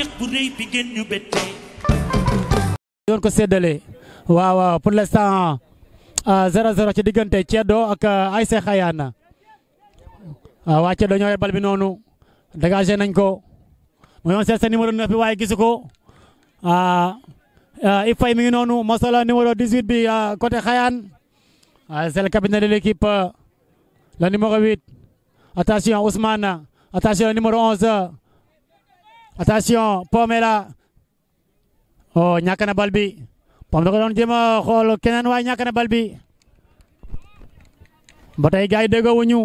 bànneex bu rëy bi doon ko séddale waaw waaw pour l'instant ah, zéro zéro ci diggante Ceddo ak ah, Ayse Xayaana ah, waa Ceddo ñooy nañ ko mu yoon seet sa waaye gisu i fay mi ngi noonu mosala numéro bi côté Xayaan c'est le capitaine de l'équipe le numéro 8 attention Ousmane attention numéro 11 attention Pomme est là oh ñàkk na bal bi xool keneen waaye ñàkk na bal bi ba wuñu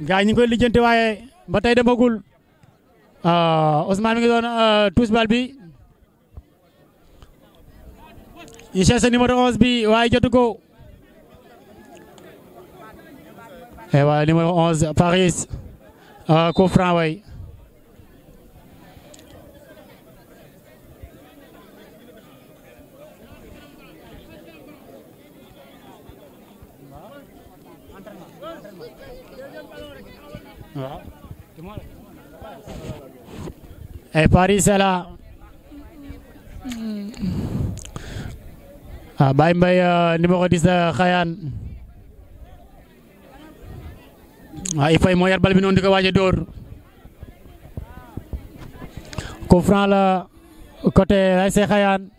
gars yi ñu koy lijjanti waaye ba tey demagul ah, Ousmane mi doon euh, tuus bal bi ñu cherche numéro 11 bi waaye jotu ko eh waaye numéro 11 Paris ah, coup franc waay eh Parisela ah, Baye Mbaye eh, numéro ni Xayane waaye Faye moo yar bal bi noonu di ko waaj a dóor coup franc la côté ASC Xayane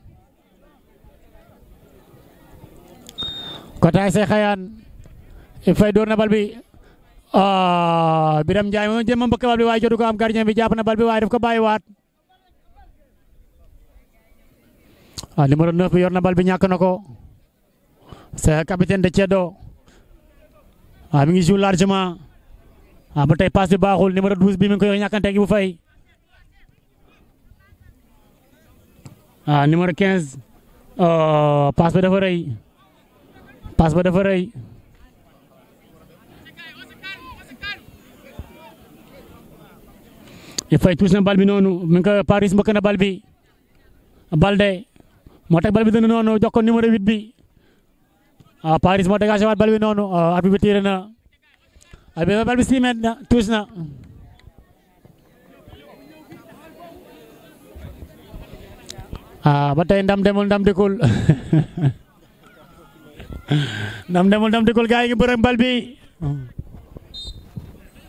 côté ASC Xayane na bal Ah, biram आ, बिरम जाय में जे मम बकवा बिवाय जो काम कर जे बिजा अपना way बिवाय ko बाय wat ah numéro 9 yor na bal bi ñak nako c'est capitaine de tiedo ah mi ngi joue largement ah ba tay passe bi baxul numéro 12 bi mi ngi koy ñakante gi bu fay ah numéro 15 euh passe ba dafa reuy passe ba dafa reuy Faye tuus na bal noonu mi Paris mbëkk na Balde moo teg bal bi noonu jox ko numéro bi ah, Paris moo dégagé waat bal noonu ah, arbitre bi tiire na arbitre na tuus na ah ba tey ndam demul ngi bërëm bal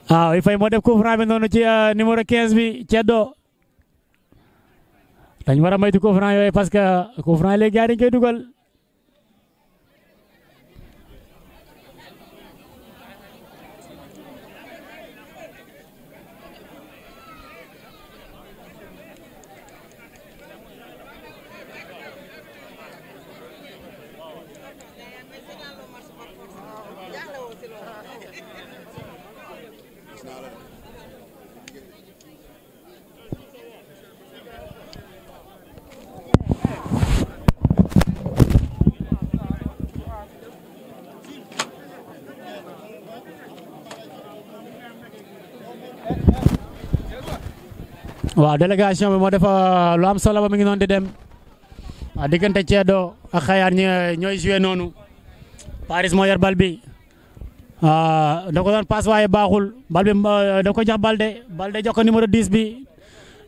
waaw ah, i fay moo de coup franc bi noonu ci euh, numéro 15 bi Ceddo dañ war a moytu coup franc yooyu parce que coup franc léegi gars koy dugal waaw délégation bi moo def euh, lu am solo ba mi ngi noonu di a diggante Ceddo ak Xayaar ñi ñooy joué noonu Paris moo yor bal bi da ko doon paas waaye baaxul bal bi euh, da ko jox Balde Balde jox ko numéro 10 bi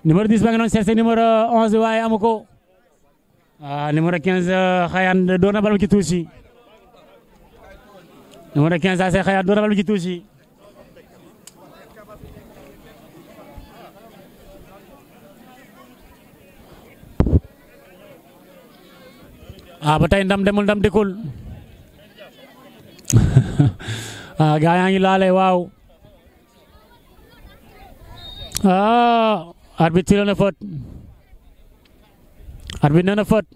numéro 10 ba nga doon cherché numéro 11 bi waaye amu ko numéro 15 euh, Xayaar doon bal bi ci tuuti ah ba tey ndam demul ndam dikul ah gaa yaa ngi laale waaw ah arbitre tiré na faute arbitre nee na faute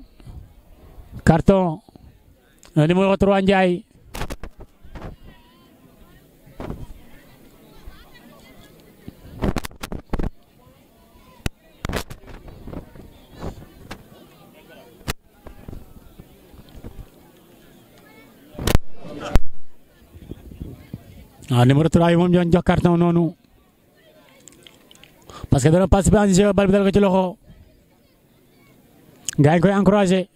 carton eh, numéro 3 waaw ah, numéro moom doon jox carton noonu parce que dana participer en jeu bal dal ko ci loxo gars yi koy encouragé.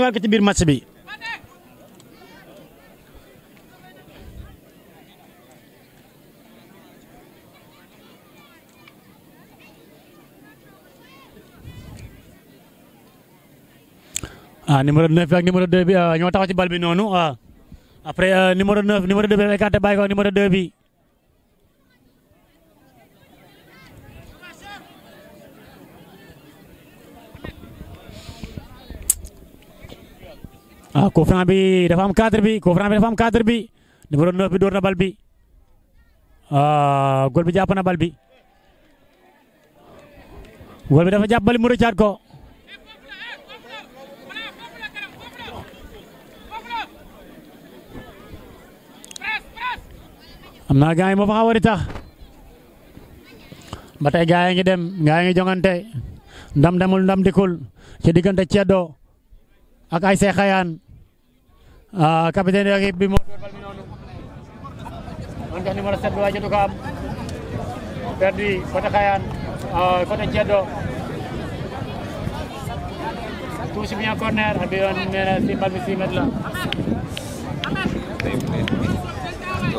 war ko ci biir match bi. ah numéro 9 ak numéro Après, euh, numéro 9, numéro 2, écarté by numéro 2 bi. Ah, Kofran bi dafa am cadre bi, Kofran bi dafa am cadre bi. Numéro 9 bi dorna bal bi. Ah, gol bi japp na bal bi. Gol bi dafa japp bal mu rechat ko. amna gaay mo di tax batay gaay dem gaay ngi jongante ndam demul ndam dikul ci diggante Ceddo ak ay see ah capitaine de bi moo doon bal bi noonu tax numéro 7 bi waaye ko am ah, bien corner ak bi yoon nee na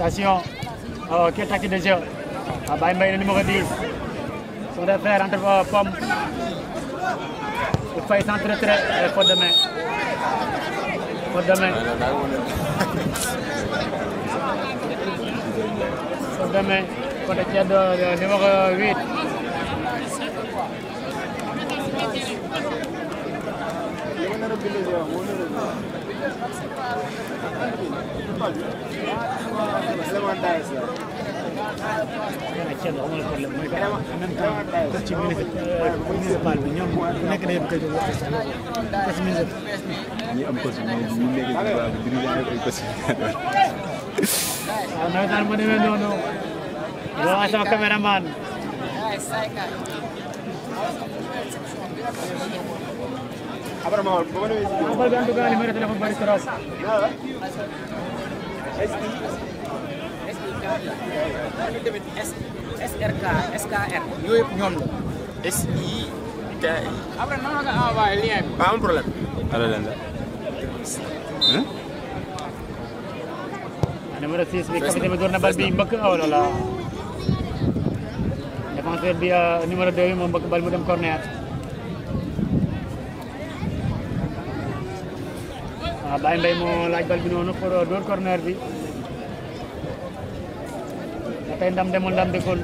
Attention. Oh, quel taquet de Ah, bah, le numéro 10. Son affaire entre euh, pommes. Il fait centre retrait. Euh, faute de main. Faute de main. Faute de main. Faute de de, numéro 8. ñi am ko si ñoom ñu nekk ci waa bi dirigeant rek ay costume. waaw nawetaan mu demee noonu. waaw sama caméraman. Abra mal, bagaimana ini? Abra mal, bagaimana ini? Abra mal, bagaimana ini? Abra mal, bagaimana ini? Abra mal, bagaimana ini? Abra mal, bagaimana ini? Abra mal, bagaimana ini? Abra mal, bagaimana ini? Abra mal, bagaimana ini? Abra mal, bagaimana ini? Abra mal, bagaimana ini? Abra ini? Abra mal, bagaimana ini? Abra mal, waaw Baye Mbaye moo laaj bal bi noonu pour dóor corner bi ba tey ndam demul ndam dikkul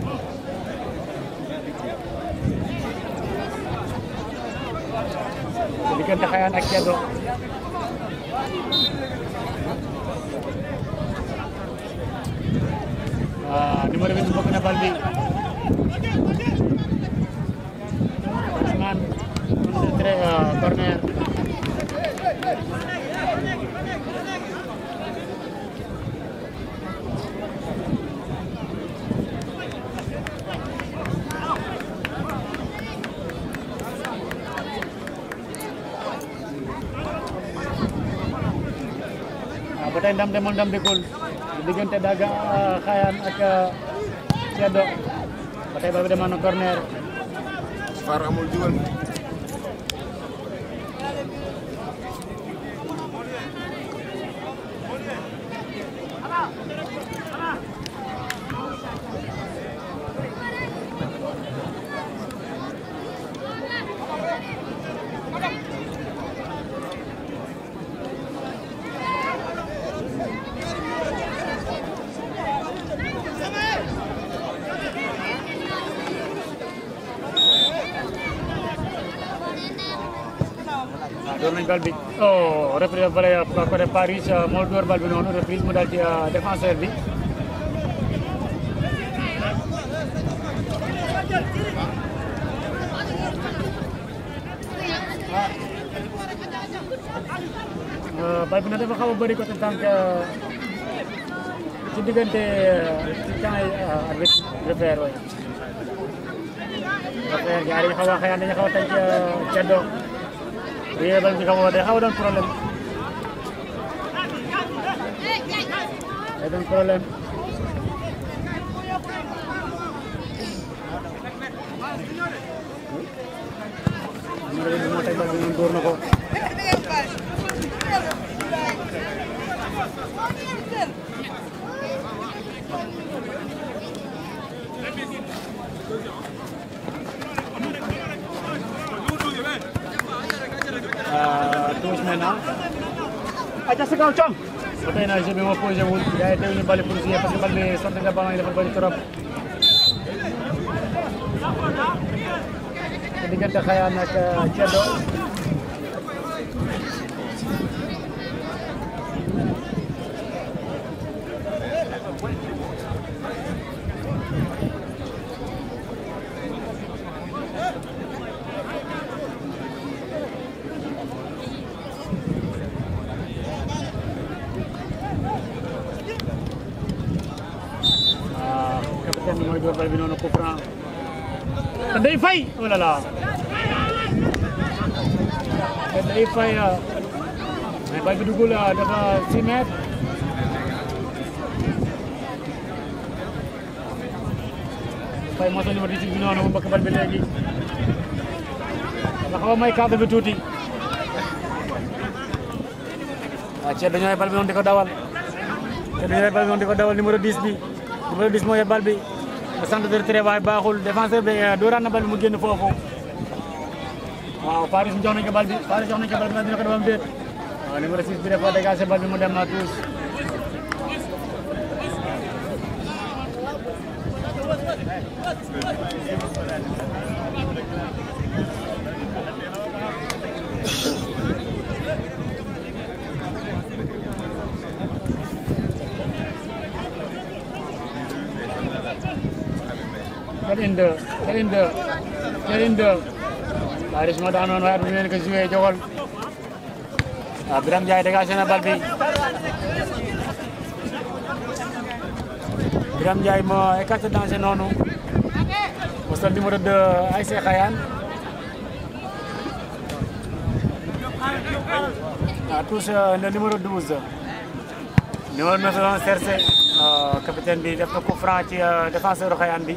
diggante Xayaan ak Ceddo waaw numéro bi bokk na bal bi ndam demul ndam dikul diggante Daga euh, Xayaan ak euh, Ceddo ba tey ba bi demoon na corner far amul jugal volet côté Paris moo dóor bal bi noonu reprise mu daal ci défenseur bi bal bi nag dafa xaw a bëri côté tànk ci diggante ci temps yi arbitre refeer waay refeer ñaari ñu xaw a xëyaan dañu xaw a tànk ca doom yéebal bi xaw a day xaw a doon problème Don't problem. mana? Aja sekarang, aja na siya may ya itu tayo yung balipun siya pasti balik sorte ka bang ilapan balik turap. Ketika kaya nak cedok kenn mooy door bal bi noonu coup franc te day fay oh là là te day fay ah. mais bal bi duggul dafa 6 mètres fay moo sa numéro 18 bi noonu bu mbokk bal bi léegi nga xaw a may cadre bi tuuti waaw ah, ceeb dañoo bal bi noonu di ko dawal ceeb dañoo bal bi noonu di ko dawal numéro 10 bi numéro 10 moo yor bal bi centre de retrait waaye baaxul défenseur bi dóoraan na bal bi mu génn foofu waaw Paris jox nañ ko bal bi Paris jox nañ ko bal bi dina ko defam déet waaw numéro 6 bi dafa dégagé bal bi mu dem na tous Jëriñ de Jëriñ de Paris moo daanoon waaye bu ñu leen ko joué jogol waaw Birame Ndiaye dégagé na bal bi Birame Ndiaye moo écarté danger noonu mu sol numéro 2 ASC Xayane ah touche euh, le numéro 12 numéro 9 sercé euh, capitaine bi def na coup franc ci euh, défenseur Xayane bi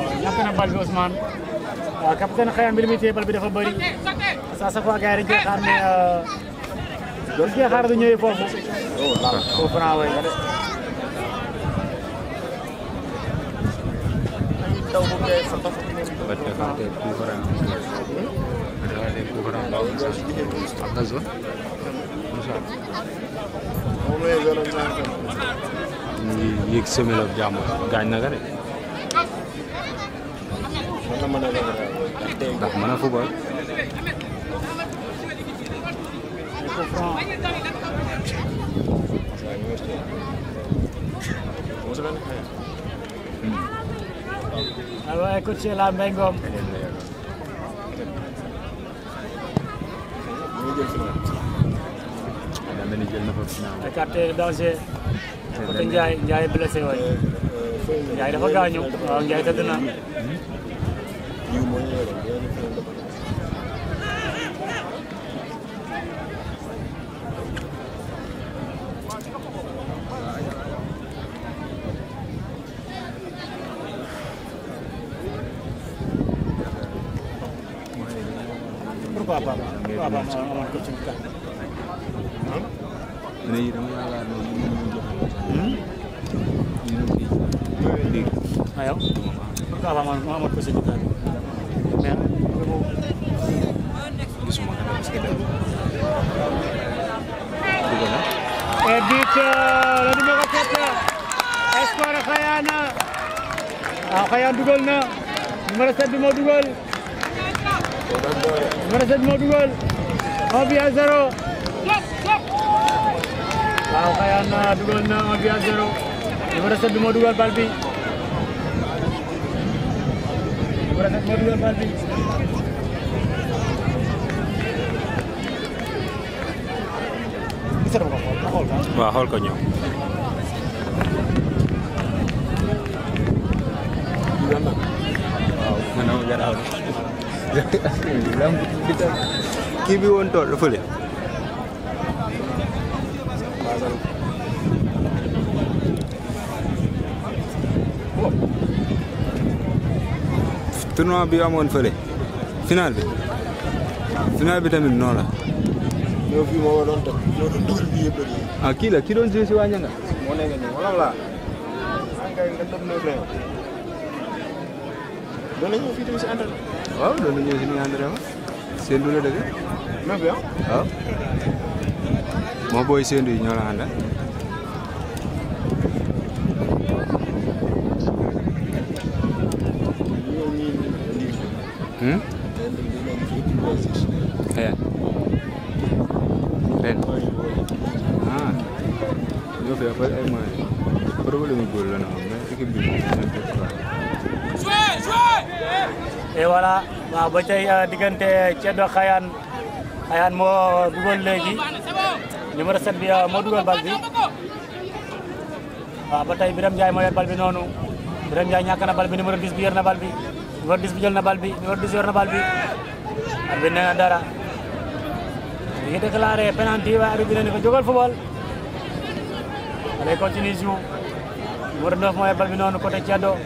na bal bi Ousmane waaw capitaine xëy na mbir mi téye bal bi dafa bëri parce que à chaque fois gars yi dañu cee xaar ne dañu cee xaar du ñëwee foofu. au franc way nga de. yéeg semelle ak jàmm gaañ na nga de. đặt ndax mën a football Allora eccoci là, vengo. Écarté danger. Côté Ndiaye, Ndiaye blessé waay. Ndiaye dafa gaañu, waaw Ndiaye tëdd na. You more dugal na numéro 7 moo dugal numéro 7 moo dugal 1 bi à dugal na Abi Azaro à 0 numéro dugal bal bi numéro 7 dugal bal ko non kii bi woon tool fële. tournoi bi amoon fële final bi final bi tamit noonu la. ñoo ah, kii la ki doon joué doon nañu fii tamit si entraînement. waaw doon nañu si nuyu entraînement. Sendou la moo booy Sendou yi ñoo la àndal. waaw ah, ba tey ah, diggante Ceddo Xayaan Xayaan moo dugal léegi numéro 7 bi ah, moo dugal bal bi waaw ba tey Birame Ndiaye moo yor bal bi noonu Birame Ndiaye ñàkk na bal bi numéro 10 bi yor na bal bi numéro 10 bi jël na bal bi numéro 10 yor na bal bi na dara ngi déclaré penalty waaye ko jógal football allez continue joue numéro 9 moo yor bal bi noonu côté Ceddo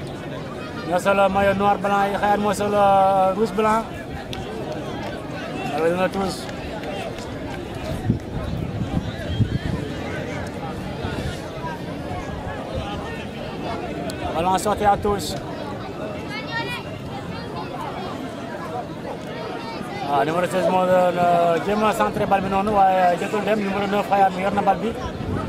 ñoo le maillot noir blanc Et xayaan moo le rouge blanc alors na tous Allons sortir à tous. Ah, numéro 16 mon game moo jéem a centré bal bi j'ai tout le euh, dem numéro 9 xayaat mi yor na bal bi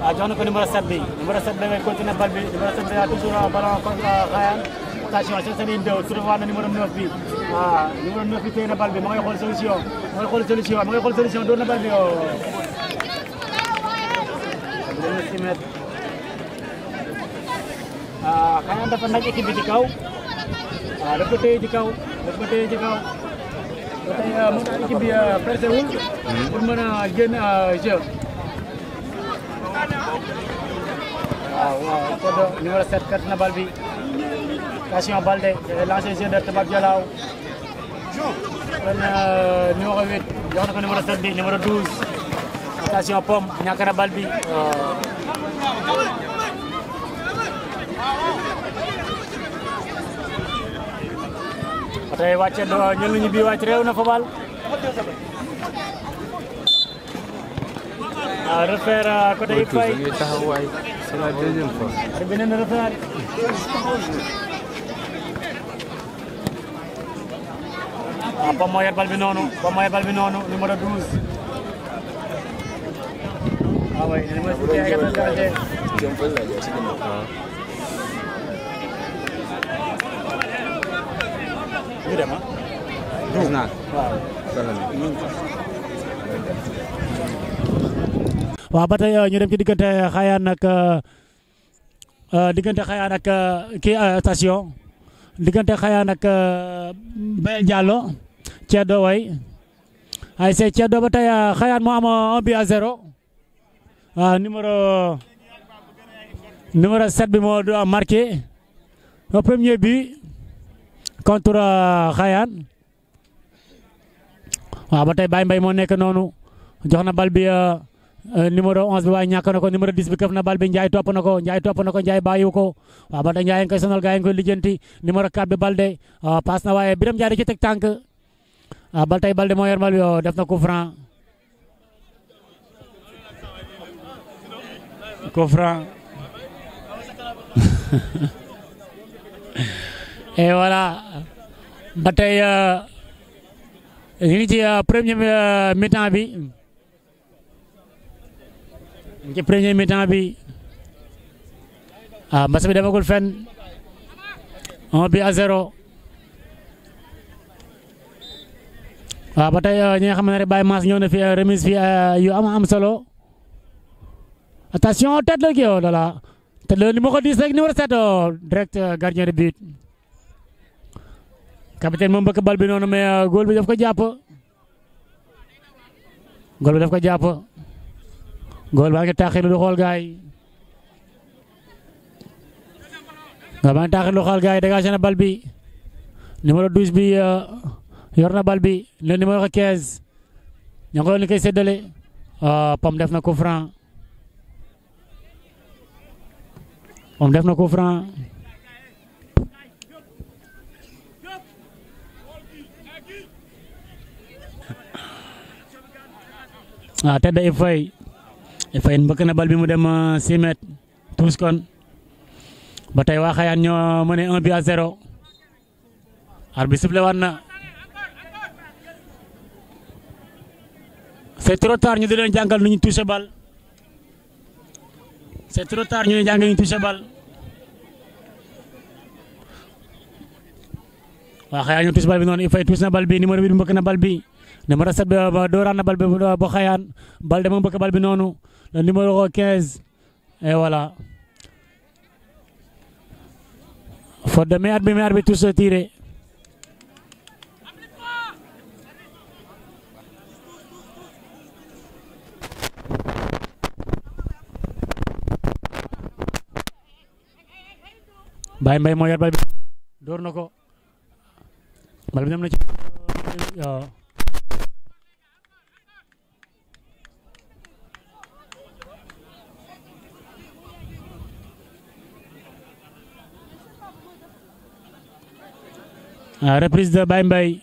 ah j'en ai que numéro 7 numéro 7 da continue à balle, numéro 7 il y a toujours un ballon contre euh, Ryan. Euh, attention Cissé Ndow trouvé na numéro 9 bi ah numéro 9 bi téye na bal bi ma ngay xool solution ma ngay xool solution ma ngay xool solution doon na bal bi oh. ah xanaa dafa nag équipe bi kaw ah daf ko téye ci kaw daf ko téye ci kaw ba équipe bi pressé wul pour mën a génn jeu. waaw waaw Kodo numéro 7 kat na bal bi. Cation Balde lancé jeu de Toubab Dialaw kon numéro 8 jox na ko numéro 7 bi numéro 12 Cation Pomme ñàkk bi tey wàcce do ñël nañu bi wàcc réew na fa bal a refaire euh, côté yi fay c'est la deuxième waaw ba moo yor bal numéro 12. waaw waay li ma si jaay gàttal jaay. ñu ñu dem ci station Diallo. Ceddo way ay see Ceddo ba tey ah, Xayaan moo am 1 ah, but à 0 waaw ah, numéro numéro bi moo marqué au premier but contre Xayaan waaw ba tey Baye Mbaye moo nekk noonu jox na bal bi euh, numéro 11 bi waaye ñàkk na ko numéro 10 bi këf na bal bi Ndiaye topp na ko Ndiaye topp na ko Ndiaye bàyyiwu ko waaw ba tey Ndiaye nga koy sonal gaa yi nga numéro 4 bi Balde paas na waaye Birame Ndiaye da ci teg ah bal Balde moo yor bal oh, et voilà Bataille. Euh, Ici, ñu ci euh, premier euh, mi-temps bi ci premier mi-temps bi ah mbas bi demagul fenn a but à zéro waaw ah, ba tey ah, ñi nga xam ne Baye Mass ñëw na fi ah, remise fi yu am am solo attention tête la kii oh loola tête la numéro dis rek numéro 7 direct gardien de but capitaine moom bëgg bal bi noonu mais góol bi daf ko jàpp góol bi daf ko jàpp góol baa ngi taaxilu lu xool gaay góol baa ngi taaxilu du xool gaay dégagé na bal bi numéro 12 bi yorna bal bi le numéro 15 ñango ni kay koy séddale ah, pom def na coup franc pom def na coup franc ah tedd ifay ifay mbeuk na bal bi mu dem 6 ah, mètres tous kon ba tey waa Xayaan ñoo mëne 1 bi à 0 arbitre bi sifflé warna c'est trop ñu di leen jàngal nu ñu touché bal c'est trop tard ñu leen jàngal ñu touché bal waaw xayaan ñu touché bal bi noonu il fay touché na bal bi numéro bi mbëkk na bal bi numéro 7 euh, ba dooraan na bal bi euh, ba xayaan bal dama mbëkk bal bi noonu le numéro 15 et voilà faute de maire bi maire bi touché Baye Mbaye moo yor bal bi door na ko bal bi dem na ci reprise de Baye Mbaye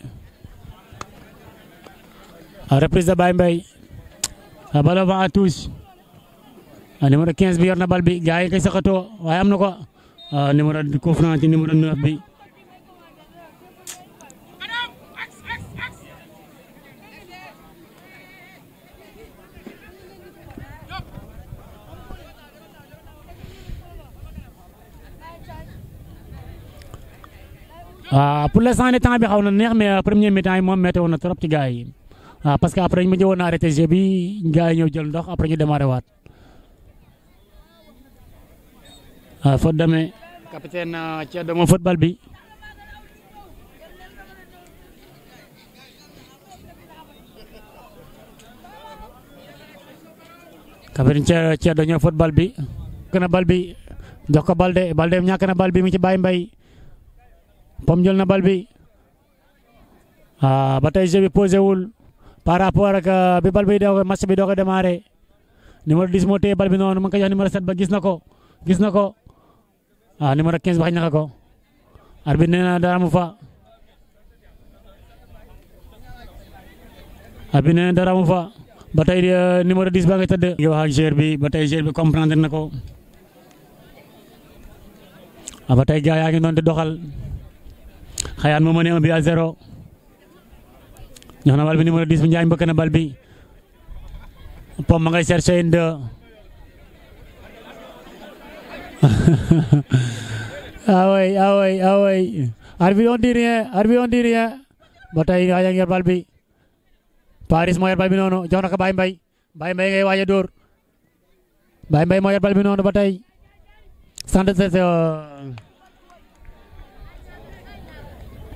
reprise de Baye Mbaye bal avant à tous numéro 15 bi yor na bal bi gars yi koy saxatoo waaye am na ko Euh, numéro coup franc ci numéro 9 bi ah, pour l'instant ni temps bi xaw na neex mais euh, premier mi-temps yi moom metti woon trop ci gars yi ah, parce que après ñu mujj woon na arrêté jeu bi gars yi ñëw jël ndox après ñu démarré waat waaw ah, fa capitaine Ceddo euh, moom football bi capitaine Ceddo ñoo football a bal bi jox ko Balde Balde ñàkk na bal mu ci bàyyi mbay pom jël na bal ah, ba tey jeu bi posé wul par rapport euh, bi bal bi doo bi doo ko démarré numéro 10 moo téye bal noonu mu ngi jox numéro 7 ba gis na ko gis na ko waaw ah, numéro 15 ba xañ na ko arbitre nee na dara fa arbitre nee fa ba tey euh, numéro 10 ba nga tëdd ngi wax ak bi ba tey gère bi comprendre na ko a ah, ba tey gars yaa di doxal xayaan moo bi à zéro ñox na bal bi numéro 10 bi Njaay mbëkk na bal pom ma ngay chercher une ah oui ah oui ah oui arbitre on dit rien arbitre Paris moo yor bal noonu jox na ko Baye Mbaye Baye ngay waaj a dóor Baye Mbaye moo yor noonu ba tey sant c'est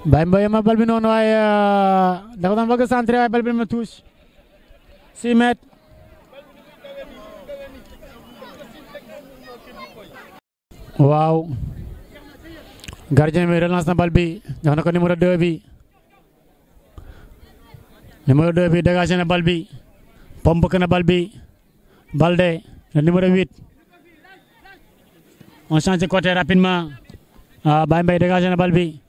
Baye ma bal noonu waaye dafa doon bëgg centré waaye bal bi ma touche 6 waaw gardien bi relance na bal bi jox na ko numéro 2 bi numéro 2 bi dégagé na bal bi pompe na bal bi Balde le numéro 8 on change de côté rapidement ah Baye Mbaye dégagé na bal bi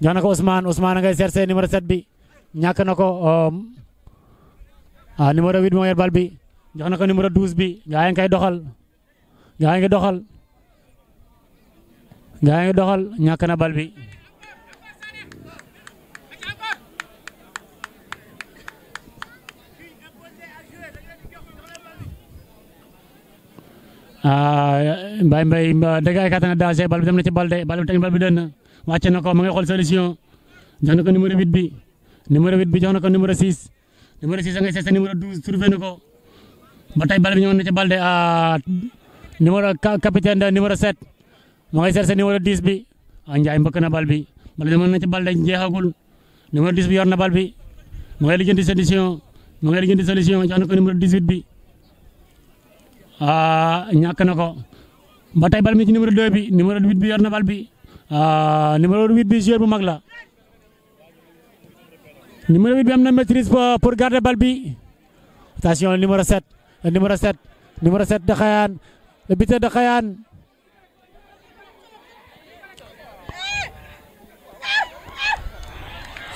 jox na ko Ousmane Ousmane ngay cherché numéro 7 bi ñàkk na ko um, ah numéro 8 bal bi jox na ko numéro 12 bi gaa yi doxal gaa yi doxal. gaay doxal ñak na bal bi mbay ah, mbay dégay katana danger bal bi dem na ci bal de bal bi tan bal bi den wàcc na ko ma ngay xol solution jox na ko numéro 8 bi numéro 8 bi jox na ko numéro 6 numéro 6 nga seet numéro 12 trouvé na ko ba tey bal bi ñëw na ci bal de ah, numéro capitaine de numéro 7 ma ngay cherché numéro 10 bi ah Ndiaye mbëkk na bal bi bala demoon na ci bal dañ jeexagul numéro 10 bi yor na bal bi mu ngay lijjanti solution mu ngay lijjanti solution jox na ko numéro 18 bi ah ñàkk na ko ba tey bal mi bi numéro 8 bi yor bal bi ah numéro 8 bi joueur bu mag la numéro 8 bi am na maîtrise pour bal bi attention numéro 7 numéro 7 numéro 7 Dakhayane le buteur Dakhayane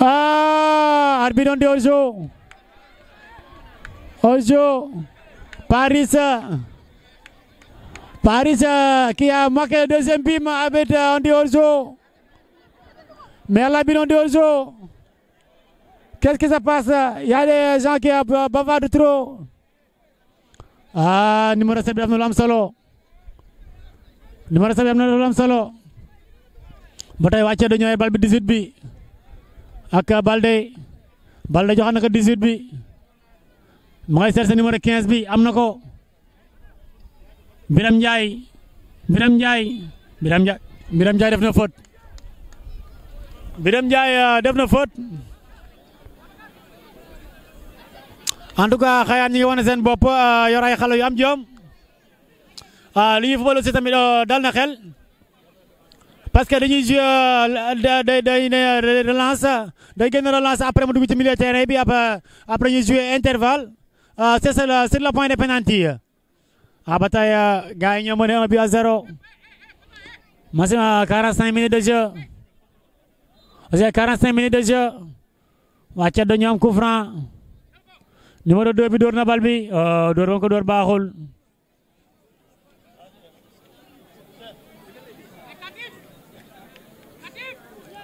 Ah, arbitre onde Ojo. Ojo. Paris. Paris qui a marqué le deuxième bim avec Andy Ojo. Mais à l'arbitre onde Ojo. Qu'est-ce qui se passe Il a des gens qui bavardent trop. Ah, numéro 7 def na lu am solo. Numéro 7 def na bi. ak Balde Balde joxoon na ko 18 bi ma ngay seet sa numéro bi am na ko Biram njaay Biram Ndiaye Biram Ndiaye Biram Ndiaye def na faute Biram njaay euh, def na faute en tout cas xayaan ñi ngi seen bopp euh, yor ay xale yu am jom euh, li ñuy football aussi tamit dal xel. parce que dañuy joué euh, day day day relance day gën a relance après mu dugg ci milieu terrain bi après après ñuy joué intervalle euh, le point de penalty ah ba tey euh, gars yi ñoo mené 1 but de jeu c'est 45 de jeu waa Ceddo ñoo am coup franc numéro door na bal door ba door baaxul.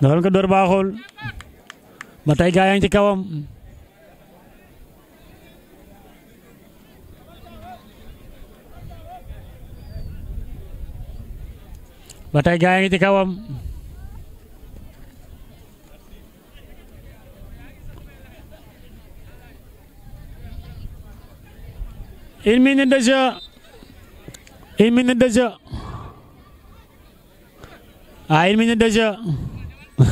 doon ko dóor baaxul ba tey gaa yaa ngi ci kawam ba tey gaa yaa ngi ci kawam une minute de de jeu ah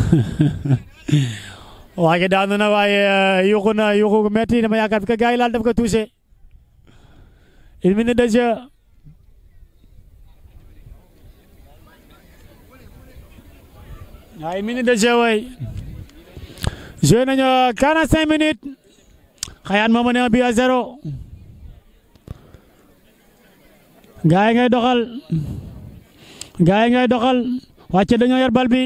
waage daanu na waaye eh, yuuxu na yuuxu metti dama yaakaar bi ko gars laal daf ko touché une minute de jeu waaye une minute de jeu waay joué nañu 45 euh, minutes xayaan moo mënee bi à zéro gars yi doxal gars yi ngay doxal wàcce dañoo yor bal bi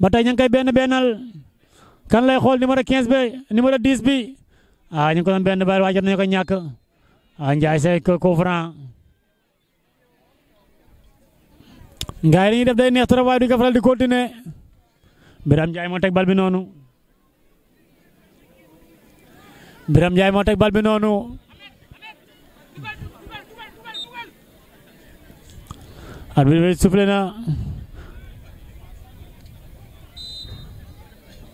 ba tey ñu ngi benn bennal kan lay xool numéro 15 bi numéro 10 bi ah ñu ngi ko benn bal waajal nañu ko ñàkk ah Ndiaye Seck coup franc ngaay li ñuy def day neex trop waaye duñ ko faral di continuer Biram Ndiaye moo teg bal noonu Biram Ndiaye moo teg bal noonu arbitre bi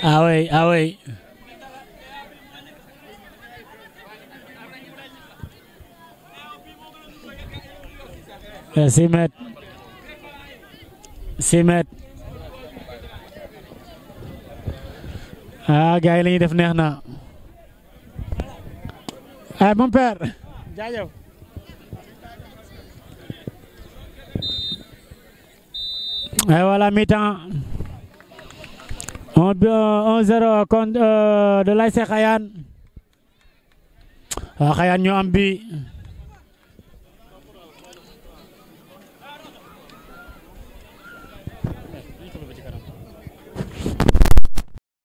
Ah oui, ah oui. ah gars yi la def neex na. ah mon père. jaajëf. et eh, mi-temps. Euh, On 1-0 euh, de l'ASC Xayane bi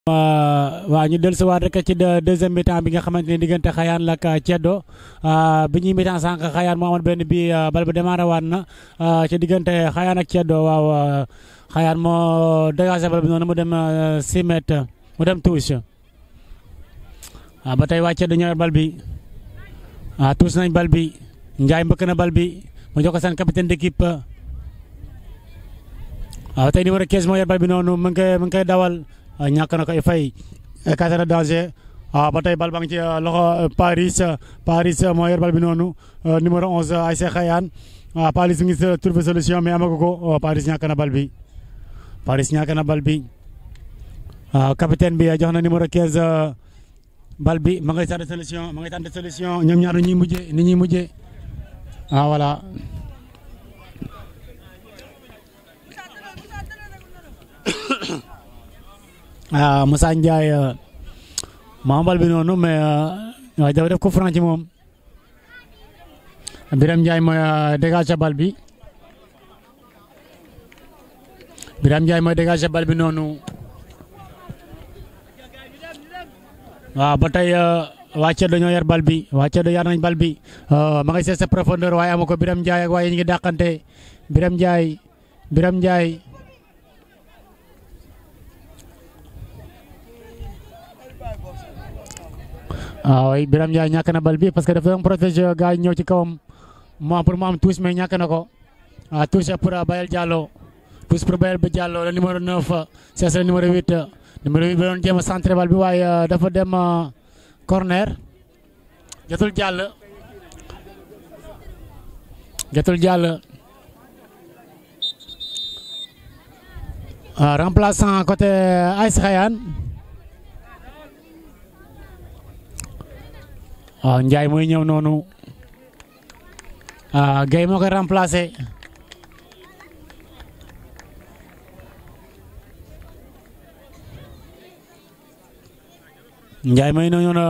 euh, wa ñu del ci siwaat rek ci deuxième mi-temps bi nga xamante ne diggante xayaan lak euh, ceddo euh, bi ñuy mi-temps sank xayaan mo amoon ben bi euh, bal bu démarré waat na ci digënté xayaan ak ceddo wa xayaan mo dégager bal bi non mu dem 6 mètres mu dem touche ah batay wa ciado ñëwaat bal bi ah touche nañ bal bi njaay mbëk na bal bi mu joko ko capitaine d'équipe ah tay ni wara kess mo yar bal bi noonu mu ngi mu ngi dawal ah, ñàkk na ko fay casé na danger waaw ah, ba tey bal ba ngi ci euh, loxo euh, Paris Paris euh, moo yor bi noonu numéro 11 ASC Xayane waaw Paris mi ngi trouvé solution mais amagu ko oh, Paris ñàkk na bal bi Paris ñàkk na bal bi waaw ah, capitaine bi jox na numéro quinze bal bi ma ngay tànn solution ma ngay tànn solution ñoom ñaar ñuy mujjee ni ñuy mujjee ah voilà. ah Moussa Ndiaye euh, ma bi noonu mais euh, waaye dafa def coup franc ci moom Birame Ndiaye mooy euh, dégager bal bi Birame mooy dégager bal noonu waaw ba tey waa Ceddo dañoo yar bal bi waa Ceddo yar nañ bal bi ma ngay seet sa profondeur waaye amu ko Birame Ndiaye ak waaye ñu ngi dàqante Birame Ndiaye Birame Ndiaye Aoi biram Ndiaye ñàkk na bal bi parce que dafa doon protéger gars yi ñëw ci kawam mo pour mu am touche mais ñàkk na ko ah touche ya pour Bayel Diallo touche pour Bayel Diallo le numéro 9 c'est le numéro 8 numéro 8 bi doon jéem a centré bal bi waaye eh, dafa dem corner jotul jàll jotul ah, jàll remplaçant côté Aïs Khayane waaw ah, Ndiaye mooy ñëw noonu ah, Guèye moo koy remplacé Ndiaye mooy ñëw noonu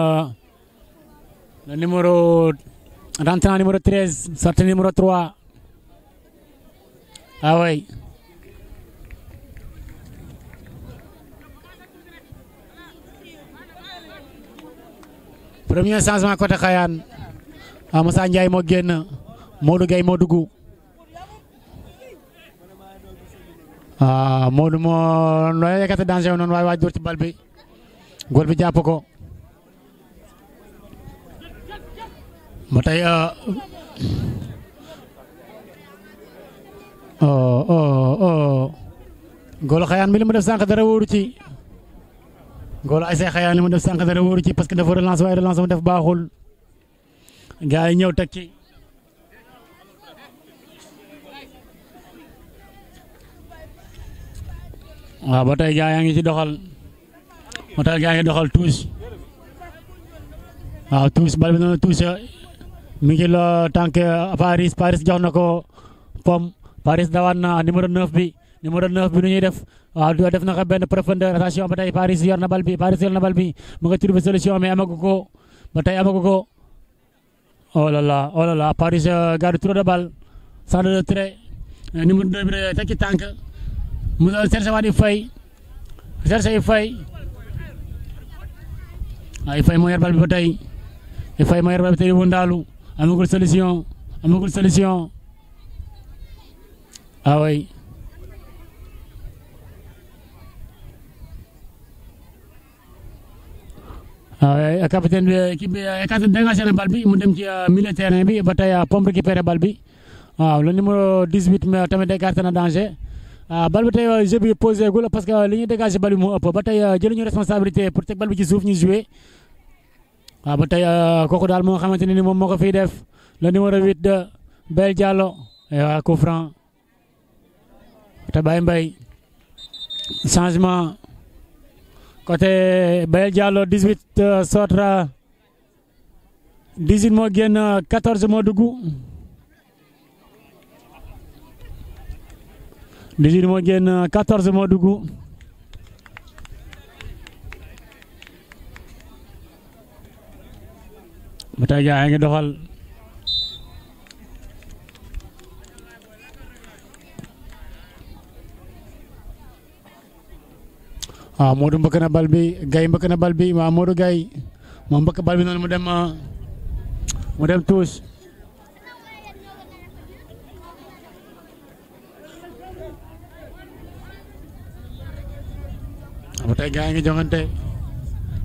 le numéro rentrant numéro 13 sorti numéro 3 ah premier changement côté Xayaan ah, waaw Moussa Ndiaye moo génn Modou Gueye moo dugg waaw ah, Modou moo looy yëkkati danger wu noonu waaye waaj dóor ci bal bi góor bi jàpp ko ba tey euh, oh oh oh góolu Xayaan mi li mu def sànq dara wóoru ci. Ngolo ay say xayaan li mu def sànq dara ci parce que dafa relance waaye relance mu def baaxul gars yi ñëw teg ci waaw ba tey gars yaa ngi ci doxal ba tey ngi doxal tuus waaw tuus bal bi noonu tuus mi ngi la tànk Paris Paris jox na ko pom Paris dawaat na numéro bi numéro 9 bi ñuy def wa ah, du def na ben profondeur attention ba tey Paris yor na oh oh eh, bal bi Paris yor na bal bi mu nga trouver solution mais amako ko ba tey amagu ko oh là là oh là là Paris garde trop de bal centre de trait numéro 2 bi tekki tank mu dal Serge Wadi Faye Serge fay ay fay mo yor bal bi ba tey fay mo yor bal bi tay tey wëndaalu amako solution amako solution ah oui Ah, capitaine bi kii bi capitaine dégagé na bal bi mu dem ci euh, milieu terrain bi ba tey euh, pompe récupérer bal bi waaw le numéro 18 mais tamit écarté na danger ah, bal bi tey euh, jeu bi posé gul parce que li ñuy dégagé bal bi moo ëpp ba tey jëluñu responsabilité pour teg bal bi ci souf ñu jouer waaw ah, ba tey kooku daal moo xamante ne ni moom moo ko fiy def le numéro 8 de Bel Diallo waaw coup franc te Baye Mbaye changement. côté Bayel Diallo 18 euh, Sotra 18 moo génn 14 moo dugg 18 moo génn 14 moo dugg ba tey gaa ngi doxal waaw ah, Modou mbëkk na bal gay Gaye mbëkk na bal bi waaw Modou Gaye moom mbëkk bal bi noonu mu dem ah, mu dem tuus ah, ba tey gaa ngi jongante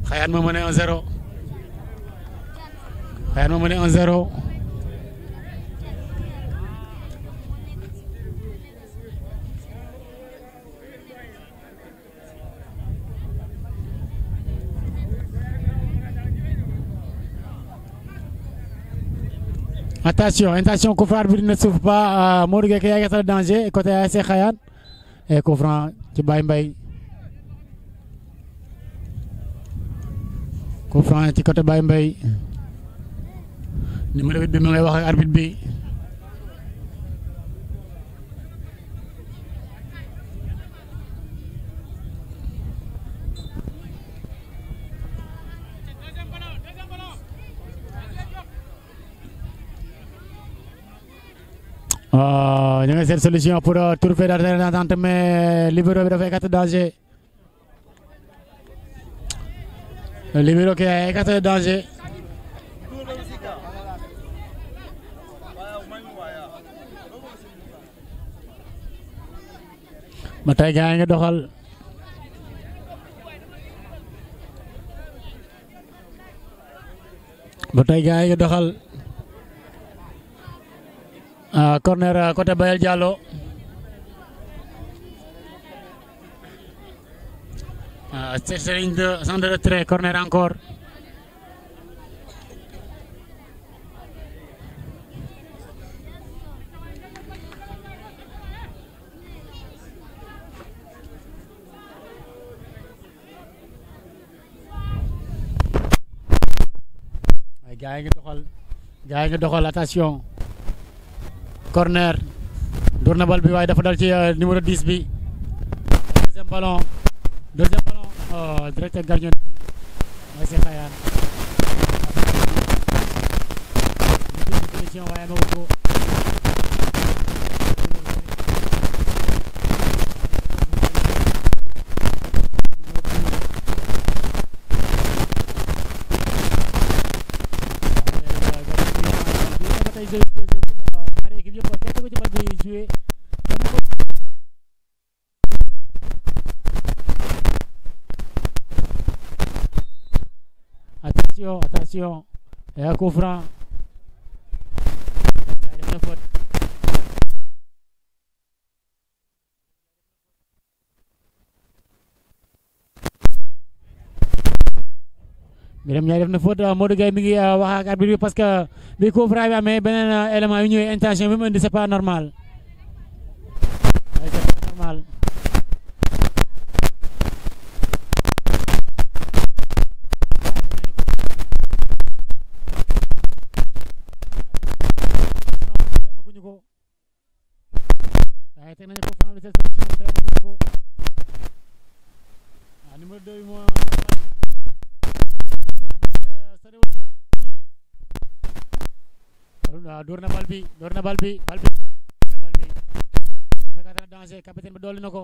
xayaan ma mën a 1-0 xayaan Attention, intention euh, coup franc bi ne suuf ba Modou Gueye yaa ngi sa danger côté ASC Xayane ci Baye Mbaye coup franc ci côté Baye Mbaye numéro 8 bi mu ngay wax arbitre bi Ah, ñu ngi seet solution pour euh, trouver l'alternance mais libéro bi dafay écarté danger libéro ki ay écarté danger ba tey gaa ngi doxal ba tey gaa ngi doxal ah corner ah, côté Bayel Diallo ah de centre de encore. gars yi ngi doxal gars yi ngi doxal corner door na bal bi way dafa dal ci numéro 10 bi deuxième ballon deuxième ballon oh direct gardien mooy Cheikh position way no ko attention, attention. ya coup franc. Biram Ndiaye def na faute eh, Modou Gueye mi ngi eh, wax ak arbitre bi parce que bi coup franc bi amee élément yu ñëwee intention bi mu c'est pas eh, normal durna balbi dorna balbi balbi balbi balbi. balbi bal bi Obey danger kapten bi dolli nako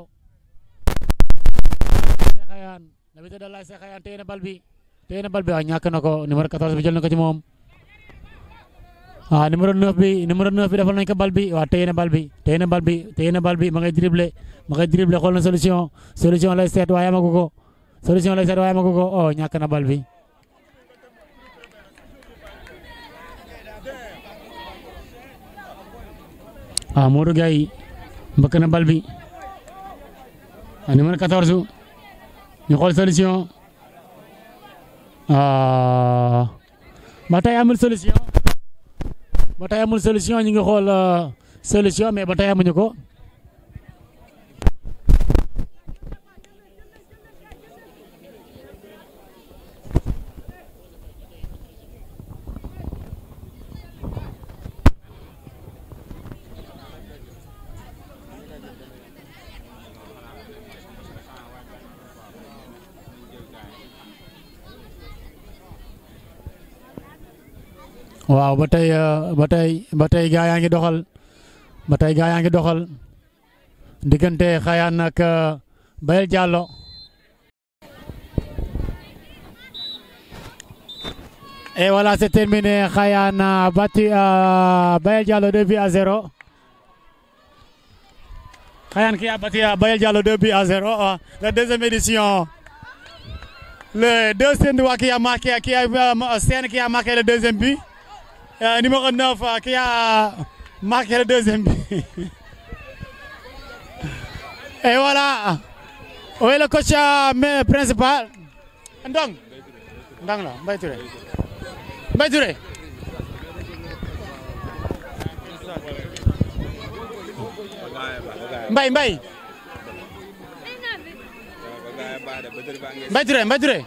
Sekhayan Nabi Tadal lay Sekhayan tey balbi, ah, balbi balbi. balbi balbi bal balbi ñak nako numéro 14 bi jël nako ci mom ah numéro 9 bi numéro 9 bi defal nañ ko balbi bi wa balbi, balbi balbi, balbi balbi. balbi bal bi tey na bal bi ma ngay dribbler ma ngay dribbler xol na solution solution lay set solution lay set oh ñak na bal waaw ah, Modou Gueye mbëkk na a bi ah, numéro 14 ñu xool solution ah, ba tey amul solution ba tey amul ngi xool solution mais ba tey amuñu ko. waaw ba tey uh, ba tey ba tey gaa yaa ngi doxal ba tey gaa yaa ngi doxal diggante Xayaan ak uh, Bayel Et voilà, c'est terminé. Khayane a uh, battu à Bayel 2 buts à 0. Khayane qui a battu à Bayel 2 buts à 0. La deuxième édition. Le deuxième doigt qui a marqué, qui a, um, qui a marqué le deuxième but. numéro 9 qui a marqué le deuxième but. Et voilà. Oui, le coach euh, principal. Ndong. Ndong là, Mbaye Touré. Mbaye Touré. Mbaye, Mbaye. Mbaye Touré, Mbaye Touré.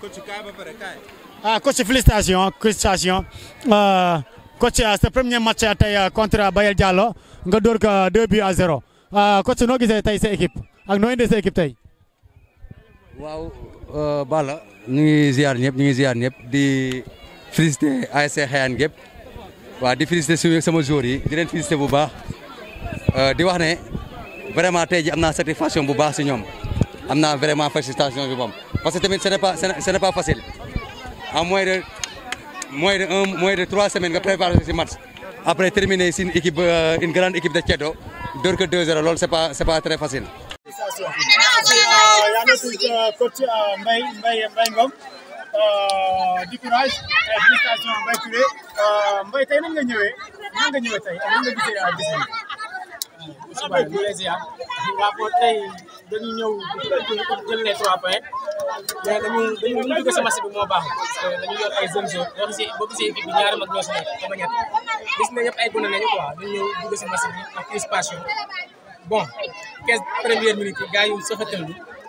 Coach, kaay ba pare Ah, coach, félicitations. félicitations. Euh, coach, euh, premier match euh, euh, contre Bayel Diallo, nga a 2 buts à 0. Euh, coach, cette équipe ak équipe waaw Nous avons ziar ziar di Nous avons di Nous avons joueur yi di Bouba. bu vraiment satisfaction bu vraiment parce que ce n'est pas facile. en moins de moins de un moins trois semaines nga préparer si match après terminer si une équipe euh, une grande équipe de Ceddo door ko 2 c'est pas très facile. Euh, coach euh, Mbaye Mbaye Mbaye Ngom du courage et félicitations Mbaye Touré Mbaye tey nan suba ñu lay ziar waaw boo tey dañu ñëw jël les trois points mais dañu si match bi moo baax parce que dañu yor ay jeunes joueurs boo gisee boo gisee équipe bi si nekk dama ñett gis na ñëpp ay gone nañu quoi dañu ñëw dugg si match bi bon quinze première minute yi gars yi bi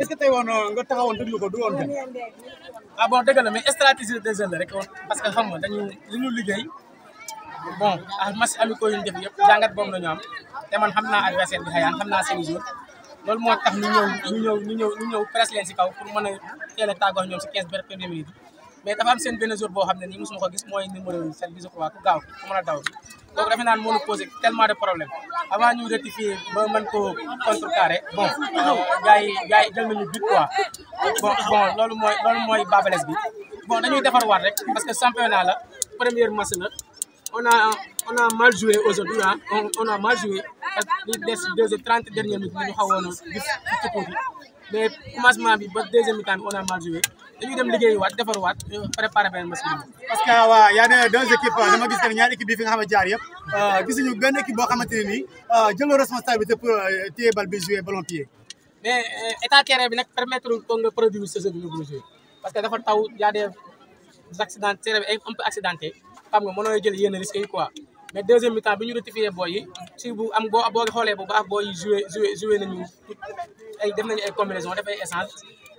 est ce que tey euh, nga taxawoon déglu ko du woon kenn. ah bon dëgg la mais stratégie de jeu la rek parce que xam nga dañu li ñu liggéey bon ah match amicaux yu ñu def yëpp jàngat boobu la am te man xam naa adversaire bi xëyaan xam naa seen jour loolu moo tax ñu ñëw ñu ñëw ñu ñëw ñu ñëw presse leen si kaw pour mën a teel a tàggoo ñoom si 15 première minute mais dafa am seen benn jour boo xam ne nii mosuma ko gis mooy numéro yi seen bi ku gaaw ku mën a daw kooku defe naa ne moo ñu posé tellement de problème avant ñu rectifier ba mën koo contrecarrer bon gars yi gars yi jël nañu but quoi bon bon loolu mooy loolu mooy bi bon dañuy defar waat rek parce que championnat la première match la on a on a mal joué aujourd'hui ah on on a mal joué parce que li des deuxième trente dernières minutes ñu xawoon gis ci tuuti bi ba deuxième mi-temps bi on mal joué. dañuy dem liggéeyuwaat defarwaat préparé benn match parce que waaw y a des deux équipes euh, dama gis équipe bi fi nga xam ne euh, euh, responsabilité pour bal bi jouer ballon mais état terrain bi nag permettre ko nga produire saison bi parce que dafa taw y a des accident terrain bi ay un peu accidenté jël yenn risques yi mais deuxième mi-temps bi ñu rectifié booy yi si bu am boo boo bu baax booy yi joué joué ay def nañu ay combinaison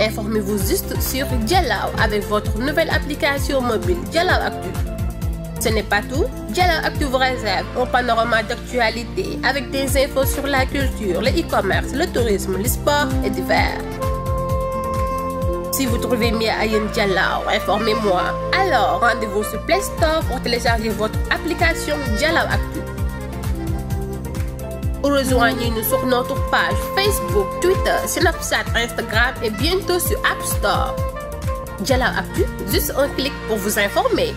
Informez-vous juste sur Dialao avec votre nouvelle application mobile Dialao Actu. Ce n'est pas tout. Dialao Actu vous réserve un panorama d'actualité avec des infos sur la culture, le e-commerce, le tourisme, le sport et divers. Si vous trouvez mieux Ayen Dialao, informez-moi. Alors, rendez-vous sur Play Store pour télécharger votre application Dialao Actu. Rejoignez-nous sur notre page Facebook, Twitter, Snapchat, Instagram et bientôt sur App Store. à plus, juste un clic pour vous informer.